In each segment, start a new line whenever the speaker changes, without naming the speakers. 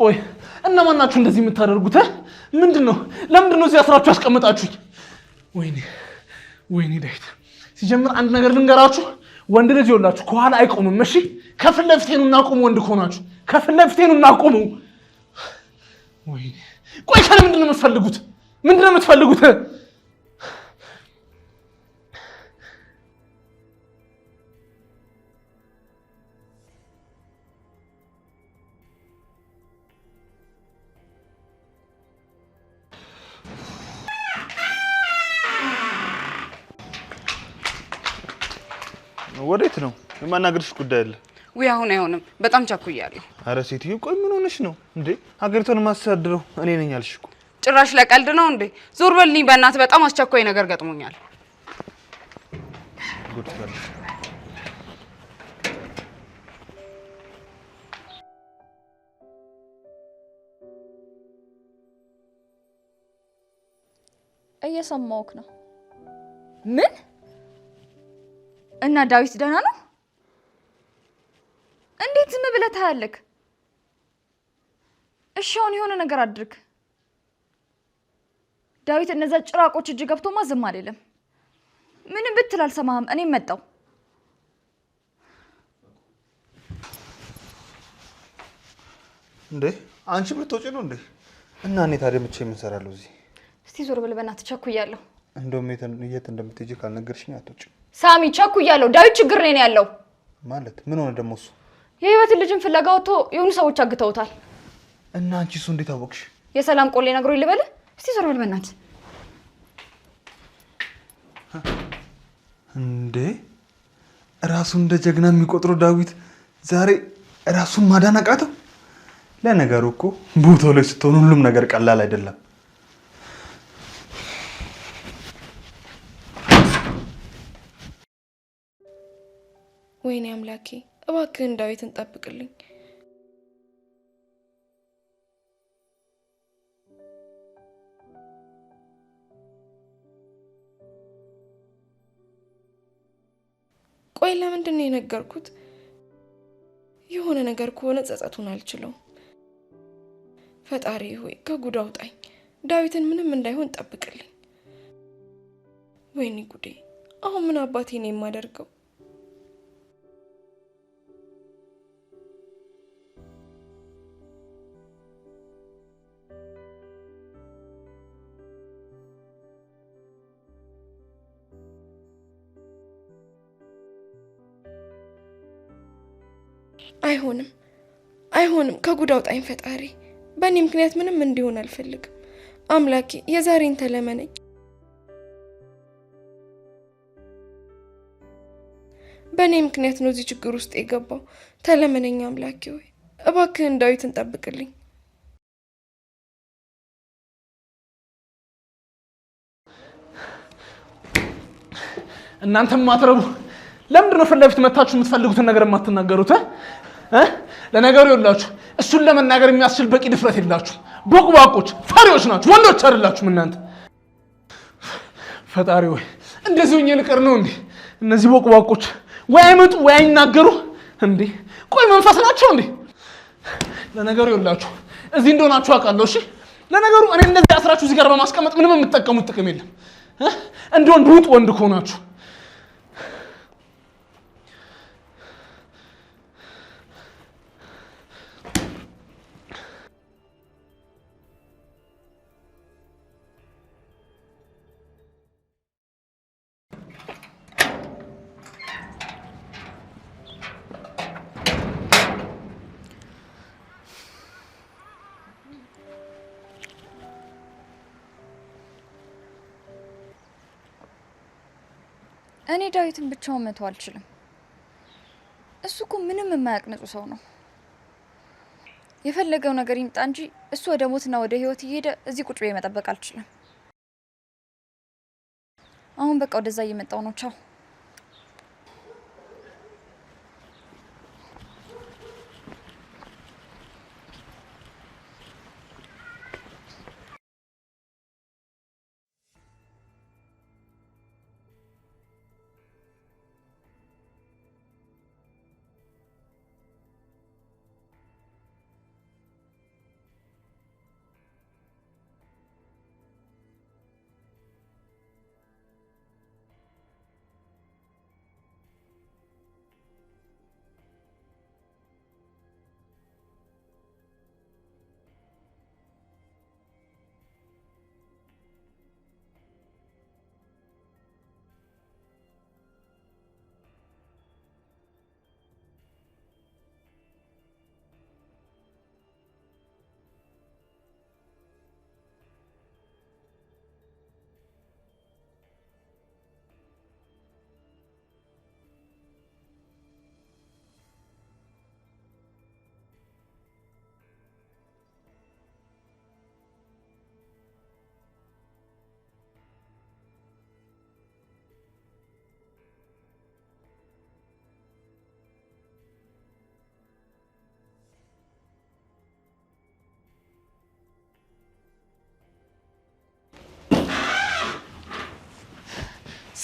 ቆይ እነማን ናችሁ እንደዚህ የምታደርጉት? ምንድን ነው? ለምንድን ነው እዚህ አስራችሁ ያስቀምጣችሁኝ? ወይኔ ወይኔ ዳዊት፣ ሲጀምር አንድ ነገር ልንገራችሁ፣ ወንድ ልጅ ይኸውላችሁ ከኋላ አይቆምም። እሺ ከፊት ለፊቴኑ እናቁሙ። ወንድ ከሆናችሁ ከፊት ለፊቴኑ እናቁሙ። ወይኔ ቆይ፣ ከእኔ ምንድን ነው የምትፈልጉት? ምንድን ነው የምትፈልጉት? ወዴት ነው? የማናገርሽ ጉዳይ አለ።
ውይ አሁን አይሆንም፣ በጣም ቸኩያለሁ።
አረ ሴትዮ ቆይ ምን ሆነሽ ነው እንዴ? ሀገሪቷን የማስተዳድረው እኔ ነኝ አልሽ እኮ።
ጭራሽ ለቀልድ ነው እንዴ? ዞር በልኝ በእናትህ፣ በጣም አስቸኳይ ነገር ገጥሞኛል።
እየሰማሁህ ነው።
ምን እና ዳዊት ደህና ነው? እንዴት ዝም ብለህ ታያለህ? እሺ አሁን የሆነ ነገር አድርግ። ዳዊት እነዛ ጭራቆች እጅ ገብቶማ ዝም አልልም። ምንም ብትል አልሰማህም። እኔም መጣሁ።
እንዴ አንቺ ብትወጪ ነው እንዴ? እና እኔ ታዲያ ብቻዬን የምንሰራለሁ እዚህ?
እስቲ ዞር ብልበና በእናትህ፣ ቸኩያለሁ።
እንደውም የት እንደምትሄጂ ካልነገርሽኝ አትወጪም።
ሳሚ ቸኩያለሁ። ዳዊት ችግር ነው ያለው።
ማለት ምን ሆነ ደግሞ? እሱ
የህይወትን ልጅን ፍለጋ ወጥቶ የሆኑ ሰዎች አግተውታል።
እና አንቺ እሱ እንዴት አወቅሽ?
የሰላም ቆሌ ነግሮ ልበል። እስቲ ዞር በል በእናትህ።
እንዴ ራሱን እንደ ጀግና የሚቆጥረው ዳዊት ዛሬ ራሱን ማዳን አቃተው። ለነገሩ እኮ ቦታው ላይ ስትሆን ሁሉም ነገር ቀላል አይደለም።
ወይኔ አምላኬ እባክህን ዳዊትን ጠብቅልኝ። ቆይ ለምንድን ነው የነገርኩት? የሆነ ነገር ከሆነ ጸጸቱን አልችለው። ፈጣሪ ሆይ ከጉድ አውጣኝ። ዳዊትን ምንም እንዳይሆን ጠብቅልኝ። ወይኔ ጉዴ! አሁን ምን አባቴ ነው የማደርገው? ከጉድ አውጣኝ ፈጣሪ። በእኔ ምክንያት ምንም እንዲሆን አልፈልግም። አምላኬ የዛሬን ተለመነኝ። በእኔ ምክንያት ነው እዚህ ችግር ውስጥ የገባው። ተለመነኝ አምላኬ ሆይ እባክህን ዳዊትን ጠብቅልኝ።
እናንተም ማትረቡ ለምንድን ነው ፊት ለፊት መታችሁ የምትፈልጉትን ነገር የማትናገሩት? ለነገሩ የላችሁ እሱን ለመናገር የሚያስችል በቂ ድፍረት የላችሁ። ቦቅቧቆች ፈሪዎች ናችሁ፣ ወንዶች አይደላችሁም እናንተ። ፈጣሪ ወይ እንደዚህ ሆኜ ልቀር ነው እንዴ? እነዚህ ቦቅቧቆች ወይ አይመጡ ወይ አይናገሩ እንዴ? ቆይ መንፈስ ናቸው እንዴ? ለነገሩ የላችሁ እዚህ እንደሆናችሁ አውቃለሁ። እሺ ለነገሩ እኔ እንደዚህ አስራችሁ እዚህ ጋር በማስቀመጥ ምንም የምትጠቀሙት ጥቅም የለም። እንደ ወንድ ውጥ ወንድ ከሆናችሁ
ዳዊትን ብቻውን መተው አልችልም። እሱ እኮ ምንም የማያቅንጹ ንጹህ ሰው ነው። የፈለገው ነገር ይምጣ እንጂ እሱ ወደ ሞትና ወደ ህይወት እየሄደ እዚህ ቁጭ ብዬ መጠበቅ አልችልም። አሁን በቃ ወደዛ እየመጣው ነው። ቻው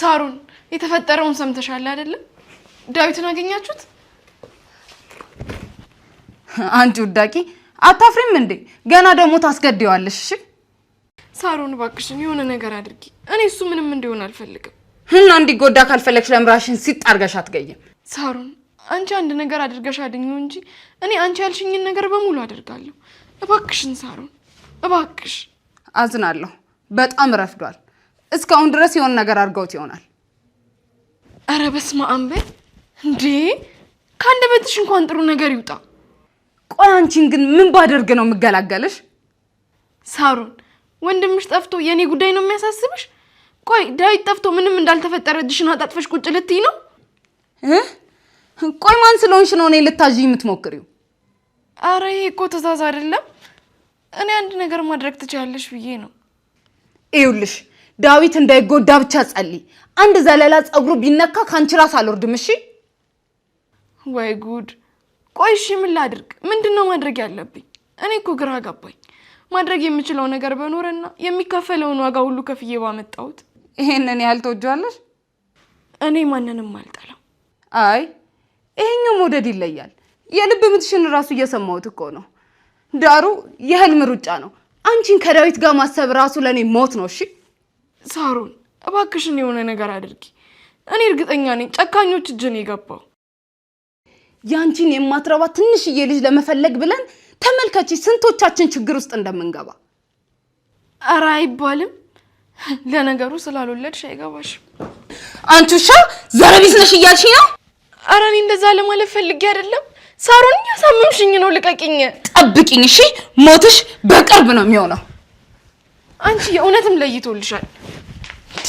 ሳሩን የተፈጠረውን ሰምተሻል አይደለም? ዳዊትን አገኛችሁት?
አንቺ ውዳቂ አታፍሪም እንዴ? ገና ደግሞ ታስገድዋለሽ። እሺ
ሳሩን እባክሽን የሆነ ነገር አድርጊ። እኔ እሱ ምንም እንዲሆን አልፈልግም።
እና እንዲጎዳ ካልፈለግሽ ለምራሽን ሲጣርገሽ አድርገሽ አትገይም።
ሳሩን አንቺ አንድ ነገር አድርገሽ አድኘው እንጂ እኔ አንቺ ያልሽኝን ነገር በሙሉ አደርጋለሁ። እባክሽን ሳሩን እባክሽ።
አዝናለሁ። በጣም ረፍዷል። እስካሁን ድረስ የሆነ ነገር አድርገውት ይሆናል።
አረ በስመ አብ በይ እንዴ! ከአንድ በትሽ እንኳን ጥሩ ነገር ይውጣ።
ቆይ አንቺን ግን ምን ባደርግ ነው የምገላገልሽ?
ሳሩን ወንድምሽ ጠፍቶ የእኔ ጉዳይ ነው የሚያሳስብሽ? ቆይ ዳዊት ጠፍቶ ምንም እንዳልተፈጠረ እጅሽን አጣጥፈሽ ቁጭ ልትይ ነው?
ቆይ ማን ስለሆንሽ ነው እኔ ልታዥ የምትሞክሪው?
አረ ይሄ እኮ ትዕዛዝ አይደለም። እኔ አንድ ነገር ማድረግ ትችላለሽ ብዬ ነው።
ይኸውልሽ ዳዊት እንዳይጎዳ ብቻ ጸልይ። አንድ ዘለላ ፀጉሩ ቢነካ ከአንቺ ራስ አልወርድም። እሺ።
ወይ ጉድ! ቆይ እሺ፣ ምን ላድርግ? ምንድን ነው ማድረግ ያለብኝ? እኔ እኮ ግራ ገባኝ። ማድረግ የምችለው ነገር በኖረና የሚከፈለውን ዋጋ ሁሉ ከፍዬ ባመጣሁት።
ይሄንን ያህል ተወጇለሽ?
እኔ ማንንም አልጠላም።
አይ ይሄኛው መውደድ ይለያል። የልብ ምትሽን ራሱ እየሰማሁት እኮ ነው። ዳሩ የህልም ሩጫ ነው። አንቺን ከዳዊት ጋር ማሰብ ራሱ ለእኔ ሞት ነው። እሺ
ሳሮን እባክሽን የሆነ ነገር አድርጊ። እኔ እርግጠኛ ነኝ ጨካኞች እጅን የገባው።
ያንቺን የማትረባ ትንሽዬ ልጅ ለመፈለግ ብለን ተመልከቺ፣ ስንቶቻችን ችግር ውስጥ እንደምንገባ።
ኧረ አይባልም። ለነገሩ ስላልወለድሽ አይገባሽም።
አንቺ ውሻ ዘረቢስ ነሽ እያልሽ ነው።
ኧረ እኔ እንደዛ ለማለት ፈልጌ አይደለም። ሳሮን እያሳመምሽኝ ነው። ልቀቂኝ።
ጠብቂኝ፣ እሺ? ሞትሽ በቅርብ ነው የሚሆነው።
አንቺ የእውነትም ለይቶልሻል።
ሄሎ፣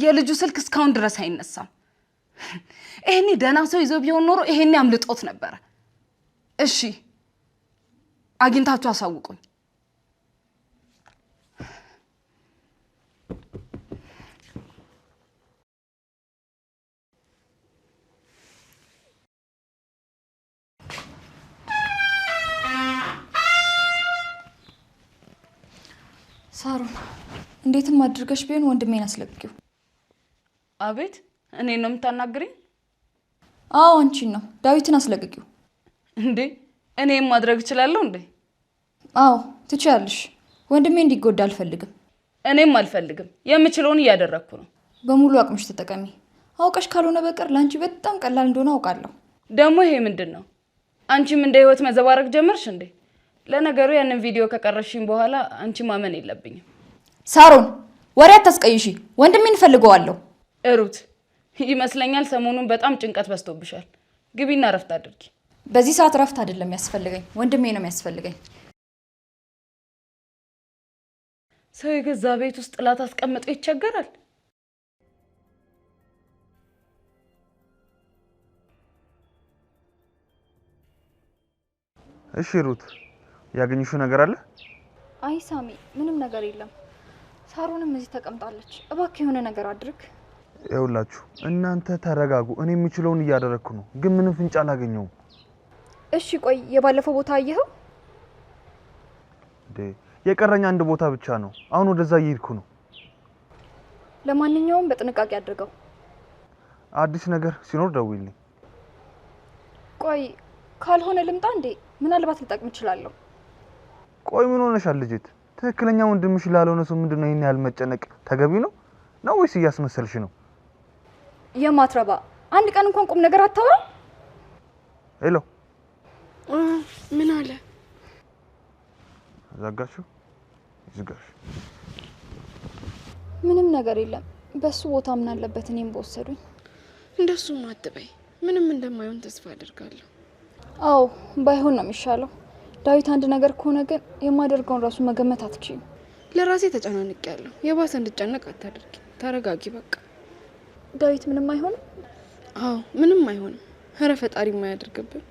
የልጁ ስልክ እስካሁን ድረስ አይነሳም። ይሄኔ ደህና ሰው ይዞ ቢሆን ኖሮ ይሄኔ አምልጦት ነበረ። እሺ፣ አግኝታችሁ አሳውቁኝ።
ሳሩን፣ እንዴትም አድርገሽ ቢሆን ወንድሜን አስለቅቂው።
አቤት፣ እኔ ነው የምታናግሪኝ?
አዎ አንቺን ነው። ዳዊትን አስለቅቂው።
እንዴ እኔም ማድረግ እችላለሁ እንዴ?
አዎ ትችያለሽ። ወንድሜ እንዲጎዳ አልፈልግም።
እኔም አልፈልግም። የምችለውን እያደረግኩ ነው።
በሙሉ አቅምሽ ተጠቀሚ። አውቀሽ ካልሆነ በቀር ለአንቺ በጣም ቀላል እንደሆነ አውቃለሁ።
ደግሞ ይሄ ምንድን ነው? አንቺም እንደ ህይወት መዘባረቅ ጀመርሽ እንዴ? ለነገሩ ያንን ቪዲዮ ከቀረሽኝ በኋላ አንቺ ማመን የለብኝም።
ሳሮን ወሬ አታስቀይሺ፣ ወንድሜ እንፈልገዋለሁ።
እሩት ይመስለኛል ሰሞኑን በጣም ጭንቀት በዝቶብሻል። ግቢና እረፍት አድርጊ።
በዚህ ሰዓት እረፍት አይደለም ያስፈልገኝ፣ ወንድሜ ነው የሚያስፈልገኝ።
ሰው የገዛ ቤት ውስጥ ጥላት አስቀምጦ ይቸገራል።
እሺ ሩት ያገኙሽ ነገር አለ?
አይ ሳሚ፣ ምንም ነገር የለም። ሳሮንም እዚህ ተቀምጣለች። እባክህ የሆነ ነገር አድርግ።
ይኸውላችሁ እናንተ ተረጋጉ። እኔ የምችለውን እያደረግኩ ነው፣ ግን ምንም ፍንጭ አላገኘውም።
እሺ ቆይ፣ የባለፈው ቦታ አየኸው?
የቀረኝ አንድ ቦታ ብቻ ነው። አሁን ወደዛ እየሄድኩ ነው።
ለማንኛውም በጥንቃቄ አድርገው።
አዲስ ነገር ሲኖር ደውልኝ።
ቆይ ካልሆነ ልምጣ እንዴ? ምናልባት ልጠቅም እችላለሁ።
ቆይ ምን ሆነሻል ልጅት? ትክክለኛ ወንድምሽ ላልሆነ ሰው ምንድነው ይህን ያህል መጨነቅ ተገቢ ነው ነው ወይስ እያስመሰልሽ ነው?
የማትረባ አንድ ቀን እንኳን ቁም ነገር አታወራ። ሄሎ ምን አለ?
ዘጋሽው? ይዝጋሽ።
ምንም ነገር የለም። በሱ ቦታ ምን አለበት እኔም በወሰዱኝ።
እንደሱ አትበይ። ምንም እንደማይሆን ተስፋ አድርጋለሁ።
አዎ ባይሆን ነው የሚሻለው። ዳዊት አንድ ነገር ከሆነ ግን የማደርገውን ራሱ መገመት አትችይም።
ለራሴ ተጨናንቅ ያለሁ የባሰ እንድጨነቅ አታደርጊ። ተረጋጊ በቃ።
ዳዊት ምንም አይሆንም።
አዎ ምንም አይሆንም። ህረ ፈጣሪ የማያደርግብን።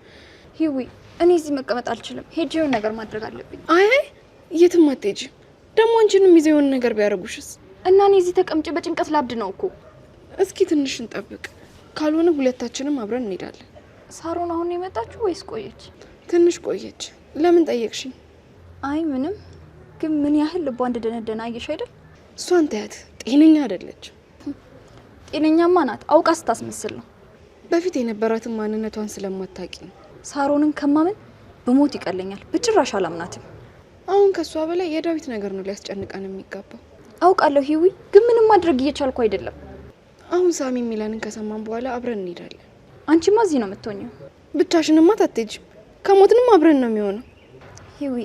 ሂዊ እኔ እዚህ መቀመጥ አልችልም። ሄጄ ነገር ማድረግ
አለብኝ። አይ የትም አትሄጂም። ደግሞ አንቺንም ይዘው የሆን ነገር ቢያደርጉሽስ?
እና እኔ እዚህ ተቀምጬ በጭንቀት ላብድ ነው እኮ።
እስኪ ትንሽ እንጠብቅ፣ ካልሆነ ሁለታችንም አብረን እንሄዳለን።
ሳሮን አሁን የመጣችሁ ወይስ ቆየች?
ትንሽ ቆየች። ለምን ጠየቅሽኝ?
አይ ምንም። ግን ምን ያህል ልቧ እንደደነደነ አየሽ አይደል?
እሷን ታያት፣ ጤነኛ አይደለች።
ጤነኛማ ናት፣ አውቃ ስታስመስል ነው።
በፊት የነበራትን ማንነቷን ስለማታቂ
ነው። ሳሮንን ከማመን ብሞት ይቀለኛል። በጭራሽ አላምናትም።
አሁን ከእሷ በላይ የዳዊት ነገር ነው ሊያስጨንቀን የሚገባው።
አውቃለሁ ሂዊ፣ ግን ምንም ማድረግ እየቻልኩ አይደለም።
አሁን ሳሚ የሚለንን ከሰማን በኋላ አብረን እንሄዳለን።
አንቺማ እዚህ ነው የምትሆኘው።
ብቻሽንማ ታትጅም ከሞትንም አብረን ነው የሚሆነው።
ህዊ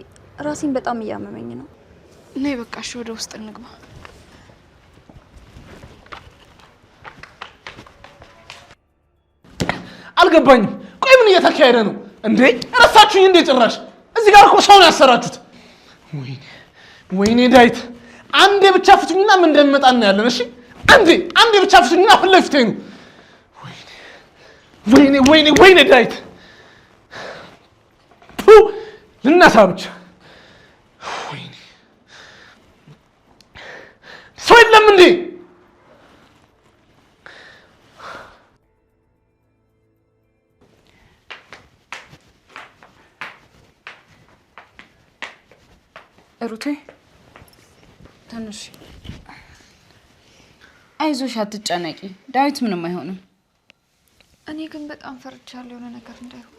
ራሴን በጣም እያመመኝ ነው።
ነይ በቃሽ፣ ወደ ውስጥ እንግባ።
አልገባኝም። ቆይ ምን እየተካሄደ ነው እንዴ? እረሳችሁኝ እንዴ? ጭራሽ እዚህ ጋር እኮ ሰውን ያሰራችሁት። ወይኔ ወይኔ፣ ዳዊት አንዴ ብቻ ፍቱኝና ምን እንደሚመጣ እናያለን። እሺ አንዴ አንዴ ብቻ ፍቱኝና ፊት ለፊቴ ነው። ወይኔ ወይኔ ወይኔ ዳዊት ልነሳ ብቻ ሰው የለም እንዴ?
ሩቴ ተነሽ፣ አይዞሽ፣ አትጨነቂ። ዳዊት ምንም አይሆንም። እኔ ግን በጣም ፈርቻለሁ የሆነ ነገር እንዳይሆን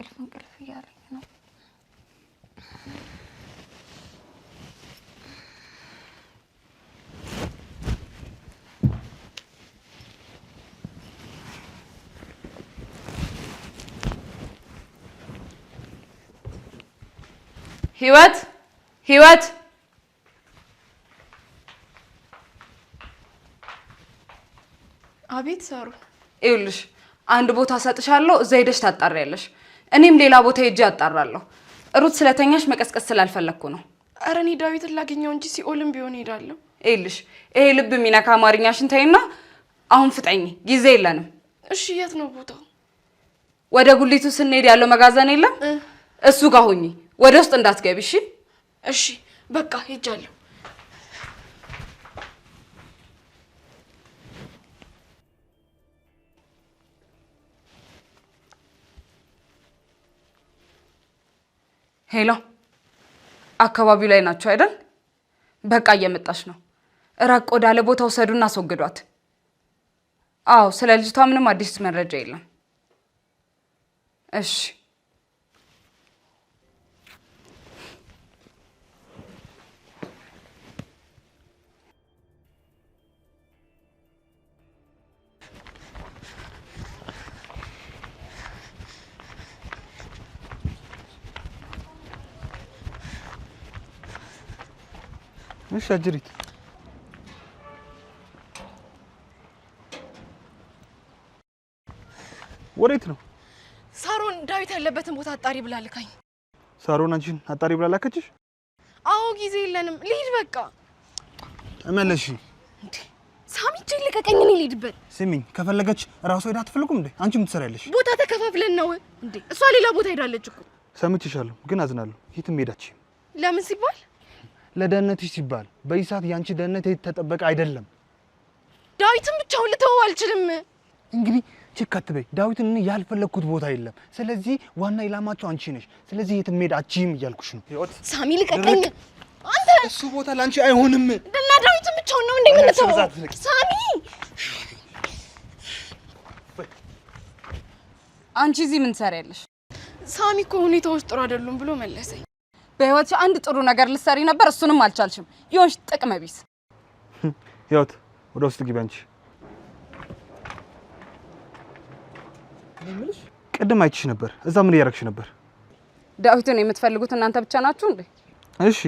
እንቅልፍ እንቅልፍ እያለኝ ነው።
ህይወት ህይወት አቤት ሰሩ ይኸውልሽ አንድ ቦታ ሰጥሻለሁ እዛ ሄደሽ ታጣሪያለሽ እኔም ሌላ ቦታ ሄጄ አጣራለሁ ሩት ስለተኛሽ መቀስቀስ ስላልፈለግኩ ነው።
ኧረ እኔ ዳዊትን ላገኘው እንጂ ሲኦልም ቢሆን ሄዳለሁ።
ይኸውልሽ ይሄ ልብ የሚነካ አማርኛሽን ተይና አሁን ፍጠኝ፣ ጊዜ የለንም።
እሺ የት ነው ቦታው?
ወደ ጉሊቱ ስንሄድ ያለው መጋዘን የለም? እሱ ጋር ሁኚ፣ ወደ ውስጥ እንዳትገቢ። እሺ
እሺ፣ በቃ ሄጃለሁ።
ሄሎ፣ አካባቢው ላይ ናቸው አይደል? በቃ እየመጣች ነው። ራቅ ወዳለ ቦታ ውሰዱና አስወግዷት። አዎ፣ ስለ ልጅቷ ምንም አዲስ መረጃ የለም። እሺ
እሺ አጅሪት ወዴት ነው?
ሳሮን ዳዊት ያለበትን ቦታ አጣሪ ብላ ልካኝ።
ሳሮን አንቺን አጣሪ ብላ ላከችሽ?
አዎ ጊዜ የለንም፣ ልሂድ በቃ። ተመለሽ እንዴ ልቀቀኝ፣ እኔ ልሂድበት።
ስሚኝ፣ ከፈለገች ራሷ ሄዳ አትፈልጉም እንዴ? አንቺ
የምትሰሪያለሽ ቦታ ተከፋፍለን ነው እንዴ? እሷ ሌላ ቦታ ሄዳለች እኮ።
ሰምቼሻለሁ፣ ግን አዝናለሁ። የትም ሄዳች። ለምን ሲባል ለደህንነትሽ ሲባል በዚህ ሰዓት ያንቺ ደህንነት የተጠበቀ አይደለም።
ዳዊትን ብቻውን ልተወው አልችልም።
እንግዲህ ቼክ አትበይ። ዳዊትን እኔ ያልፈለግኩት ቦታ የለም። ስለዚህ ዋና ኢላማቸው አንቺ ነሽ። ስለዚህ የትም መሄድ አችም እያልኩሽ ነው።
ሳሚ ልቀቀኝ አንተ።
እሱ ቦታ ላንቺ አይሆንም
እና ዳዊትን ብቻውን ነው እንደምንተወው ሳሚ
አንቺ እዚህ ምን ትሰሪያለሽ?
ሳሚ እኮ ሁኔታዎች ጥሩ አይደሉም ብሎ መለሰኝ።
በህይወት አንድ ጥሩ ነገር ልሰሪ ነበር፣ እሱንም አልቻልሽም። ይሆንሽ ጥቅመ ቢስ
ህይወት። ወደ ውስጥ ግቢ አንቺ። ቅድም አይችሽ ነበር። እዛ ምን እያደረግሽ ነበር?
ዳዊትን የምትፈልጉት እናንተ ብቻ ናችሁ እንዴ?
እሺ።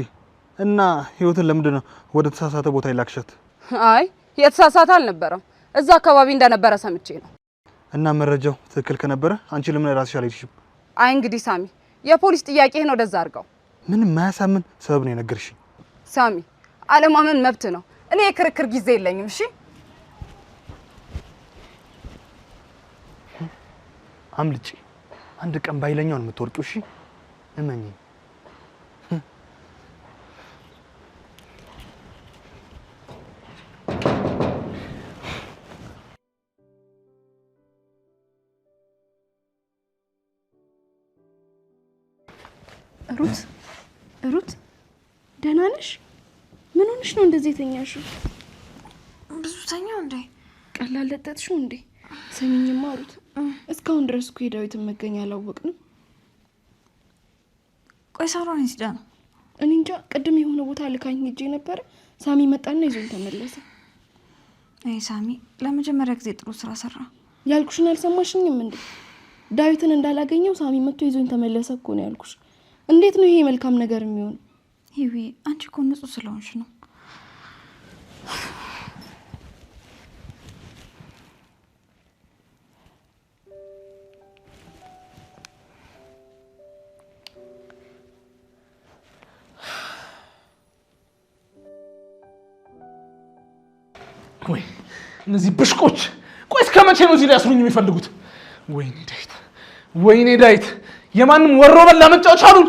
እና ህይወትን ለምንድን ነው ወደ ተሳሳተ ቦታ ይላክሻት?
አይ የተሳሳተ አልነበረም። እዛ አካባቢ እንደነበረ ሰምቼ ነው።
እና መረጃው ትክክል ከነበረ አንቺ ለምን ራስሽ አልሄድሽም?
አይ እንግዲህ ሳሚ፣ የፖሊስ ጥያቄህን ወደዛ
አድርገው። ምንም ማያሳምን ሰበብ ነው የነገርሽኝ።
ሳሚ አለማመን መብት ነው። እኔ የክርክር ጊዜ የለኝም። እሺ
አምልጬ አንድ ቀን ባይለኛው ነው የምትወርቂው። እሺ እመኝ።
ሩት ሩት ደህና ነሽ? ምን ሆንሽ ነው እንደዚህ የተኛሽው? ብዙ ተኛው እንዴ? ቀላል ለጠጥሽው እንዴ? ሰሚኝማ ሩት፣ እስካሁን ድረስ እኮ የዳዊትን መገኛ አላወቅንም። ቆይ ሳሮን ይስዳ ነው። እኔ እንጃ፣ ቅድም የሆነ ቦታ ልካኝ ሄጄ ነበረ። ሳሚ መጣና ይዞን ተመለሰ። አይ ሳሚ ለመጀመሪያ ጊዜ ጥሩ ስራ ሰራ። ያልኩሽን አልሰማሽኝም እንዴ? ዳዊትን እንዳላገኘው ሳሚ መጥቶ ይዞኝ ተመለሰ እኮ ነው ያልኩሽ። እንዴት ነው ይሄ መልካም ነገር የሚሆን? ይሄ አንቺ እኮ ንጹህ ስለሆንሽ ነው።
ወይ እነዚህ ብሽቆች! ቆይ እስከ መቼ ነው እዚህ ላይ ያስሩኝ የሚፈልጉት? ወይኔ ዳዊት፣ ወይኔ ዳዊት፣ የማንም ወሮ በላ መጫወች አሉን።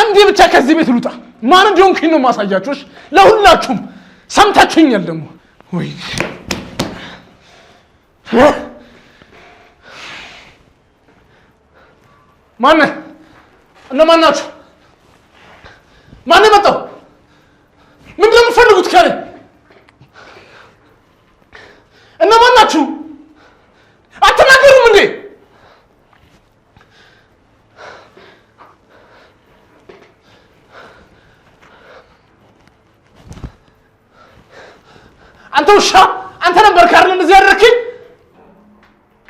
አንዴ ብቻ ከዚህ ቤት ልውጣ። ማን እንደሆንኩኝ ነው ማሳያችሁሽ ለሁላችሁም። ሰምታችሁኛል ደግሞ ወይ ማነ እነማን ናችሁ? ማን መጣው? ምንድን ነው የምትፈልጉት ከእኔ? እነማን ናችሁ? ውሻ አንተ ነበር ካርል እንደዚህ ያደረክኝ።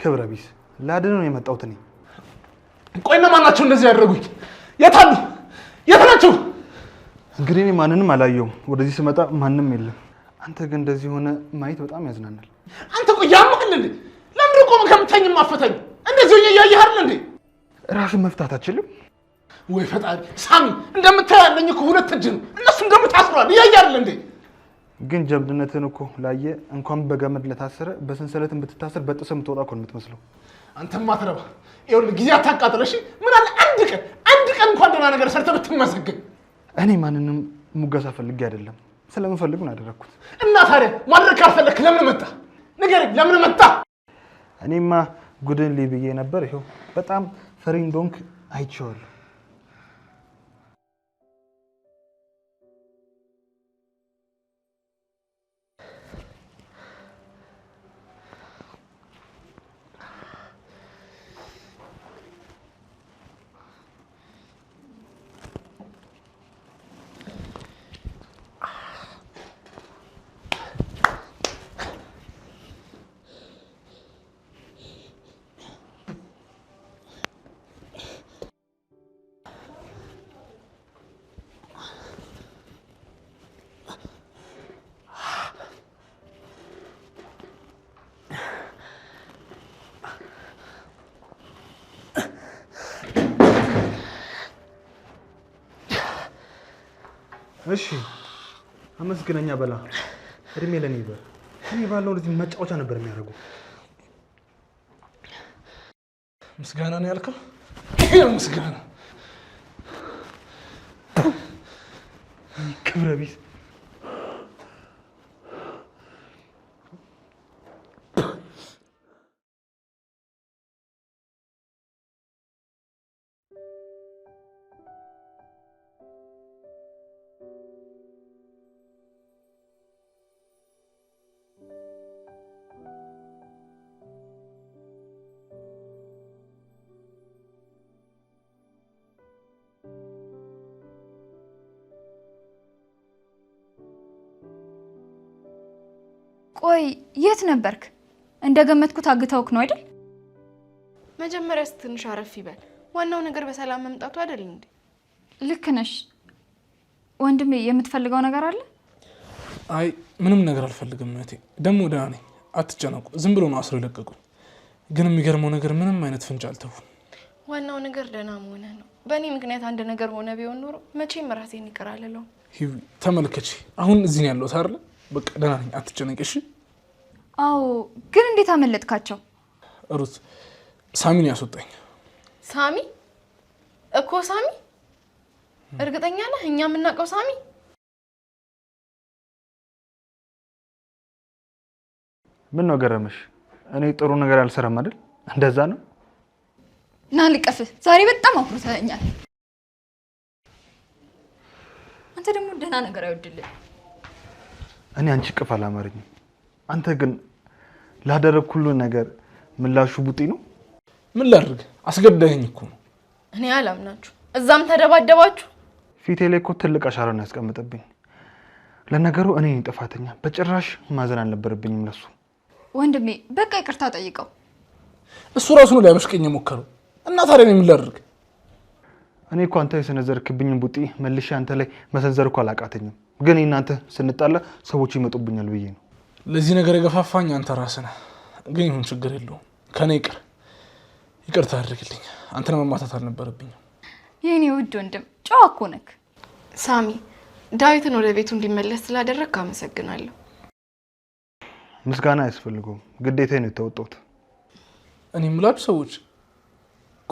ክብረ ቢስ ላድን ነው የመጣሁት እኔ። ቆይ እነማን ናቸው እንደዚህ ያደረጉኝ? የት አሉ? የት ናቸው? እንግዲህ እኔ ማንንም አላየውም። ወደዚህ ስመጣ ማንም የለም። አንተ ግን እንደዚህ ሆነ ማየት በጣም ያዝናናል። አንተ ቆይ ያምሃል እንዴ? ለምንድን ቆመ ከምታኝ ማፈታኝ? እንደዚህ ሆኜ እያየሃል እንዴ? ራስን መፍታት አችልም ወይ ፈጣሪ? ሳሚ እንደምታያለኝ እኮ ሁለት እጅ ነው። እነሱ እንደምታስሯል እያያል እንዴ ግን ጀብድነትን እኮ ላየ እንኳን በገመድ ለታሰረ በሰንሰለትን ብትታሰር በጥሰ የምትወጣ እኮ የምትመስለው። አንተ ማትረባ ይሁን ጊዜ አታቃጥለሽ። ምን አለ አንድ ቀን አንድ ቀን እንኳን ደህና ነገር ሰርተ ብትመሰግን። እኔ ማንንም ሙገሳ ፈልጌ አይደለም፣ ስለምፈልግ ነው ያደረግኩት። እና ታዲያ ማድረግ ካልፈለክ ለምን መጣ? ንገረኝ፣ ለምን መጣ? እኔማ ጉድን ሊብዬ ነበር። ይኸው በጣም ፈሪንዶንክ አይቼዋለሁ። እሺ አመስግነኛ በላ እድሜ ለኔ ይበር። እኔ ባለው እንደዚህ መጫወቻ ነበር የሚያደርጉ። ምስጋና ነው ያልከው? ይሄ ምስጋና ክብረ ቢስ
ቆይ የት ነበርክ? እንደገመትኩት አግተውክ ነው አይደል?
መጀመሪያ ትንሽ አረፍ ይበል። ዋናው ነገር በሰላም መምጣቱ አይደል እንዴ?
ልክ ነሽ ወንድሜ። የምትፈልገው ነገር አለ?
አይ ምንም ነገር አልፈልግም እህቴ። ደግሞ ደህና ነኝ፣ አትጨነቁ። ዝም ብሎ ነው አስሮ የለቀቁ። ግን የሚገርመው ነገር ምንም አይነት ፍንጭ አልተውም።
ዋናው ነገር ደህና መሆነ ነው። በእኔ ምክንያት አንድ ነገር ሆነ ቢሆን ኖሮ መቼም ራሴን ይቅር አልለውም።
ተመልከች፣ አሁን እዚህ ነው ያለሁት አይደል በቃ ደህና ነኝ፣ አትጨነቂ እሺ።
አዎ፣ ግን እንዴት አመለጥካቸው?
ሩት ሳሚ ነው ያስወጣኝ።
ሳሚ እኮ ሳሚ፣ እርግጠኛ ነህ? እኛ የምናውቀው ሳሚ
ምን ነው ገረመሽ? እኔ ጥሩ ነገር አልሰራም አይደል? እንደዛ ነው።
ና ልቀፍ ዛሬ በጣም አኩርተኸኛል። አንተ ደግሞ ደህና ነገር አይወድልም
እኔ አንቺ ቅፍ አላመረኝም። አንተ ግን ላደረግ ሁሉ ነገር ምላሹ ቡጢ ነው። ምን ላድርግ? አስገድደኸኝ እኮ ነው።
እኔ አላምናችሁ። እዛም ተደባደባችሁ።
ፊቴ ላይ እኮ ትልቅ አሻራ ነው ያስቀምጠብኝ። ለነገሩ እኔ ጥፋተኛ፣ በጭራሽ ማዘን አልነበረብኝም ለሱ።
ወንድሜ በቃ ይቅርታ ጠይቀው።
እሱ ራሱ ነው ሊያበሽቀኝ የሞከረው እና ታዲያ እኔ ምን ላድርግ? እኔ እኮ አንተ የሰነዘርክብኝን ቡጢ መልሼ አንተ ላይ መሰንዘር እኮ አላቃተኝም፣ ግን እናንተ ስንጣላ ሰዎች ይመጡብኛል ብዬ ነው። ለዚህ ነገር የገፋፋኝ አንተ ራስህ ነህ። ግን ይሁን ችግር የለውም ከኔ ይቅር ይቅርታ አድርግልኝ። አንተን መማታት አልነበረብኝም።
የኔ ውድ ወንድም ጨዋ እኮ
ሳሚ ዳዊትን ወደ ቤቱ እንዲመለስ ስላደረግ አመሰግናለሁ።
ምስጋና አያስፈልገውም፣ ግዴታ ነው የተወጣሁት። እኔ የምላችሁ ሰዎች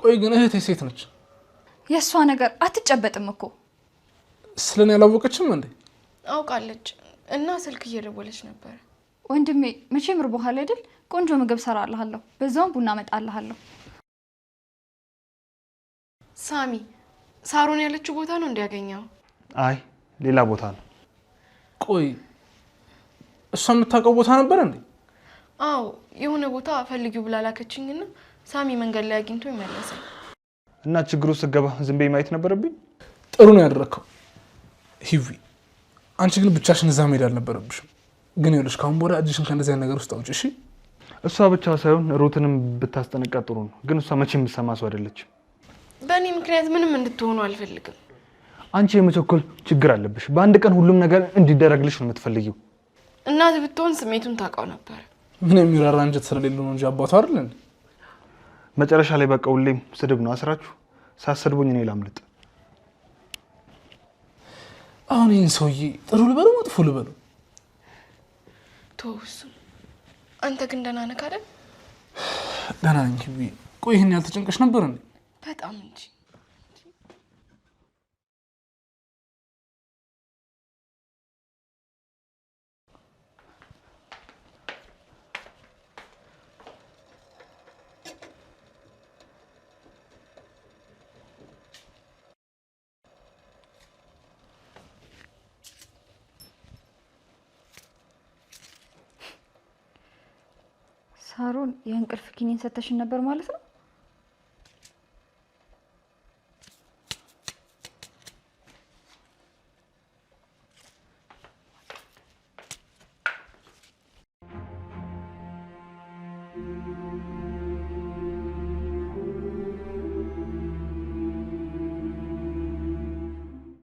ቆይ ግን እህቴ ሴት ነች
የእሷ ነገር አትጨበጥም እኮ
እኔ ያላወቀችም እንዴ?
አውቃለች እና ስልክ እየደወለች ነበር። ወንድሜ መቼም ርቦሃል አይደል? ቆንጆ ምግብ ሰራልሃለሁ፣ በዛውም ቡና መጣልሃለሁ። ሳሚ፣ ሳሮን ያለችው ቦታ ነው እንዲያገኘው?
አይ ሌላ ቦታ ነው። ቆይ እሷ የምታውቀው ቦታ ነበር እንዴ?
አዎ የሆነ ቦታ ፈልጊው ብላ ላከችኝና ሳሚ መንገድ ላይ አግኝቶ ይመለሳል።
እና ችግሩ ስገባ ዝንቤ ማየት ነበረብኝ። ጥሩ ነው ያደረግከው ሂዊ። አንቺ ግን ብቻሽን እዛ መሄድ አልነበረብሽም። ግን ይኸውልሽ ከአሁን በኋላ እጅሽን ከእንደዚያ ነገር ውስጥ አውጭ እሺ። እሷ ብቻ ሳይሆን ሩትንም ብታስጠነቃ ጥሩ ነው። ግን እሷ መቼ የምትሰማ ሰው አይደለችም።
በእኔ ምክንያት ምንም እንድትሆኑ አልፈልግም።
አንቺ የመቸኮል ችግር አለብሽ። በአንድ ቀን ሁሉም ነገር እንዲደረግልሽ ነው የምትፈልጊው።
እናት ብትሆን ስሜቱን ታውቀው ነበር።
ምን የሚራራ እንጀት ስለሌለ ነው እንጂ አባቷ አይደል መጨረሻ ላይ በቃ ሁሌም ስድብ ነው። አስራችሁ ሳሰድቡኝ እኔ ላምልጥ። አሁን ይህን ሰውዬ ጥሩ ልበሉ መጥፎ ልበሉ
ተወሱ። አንተ ግን ደህና ነህ አይደል?
ደህና ነኝ። ቆይ ይህን ያልተጨንቀሽ ነበር
በጣም እንጂ ሳሮን የእንቅልፍ ኪኒን ሰተሽን ነበር ማለት ነው?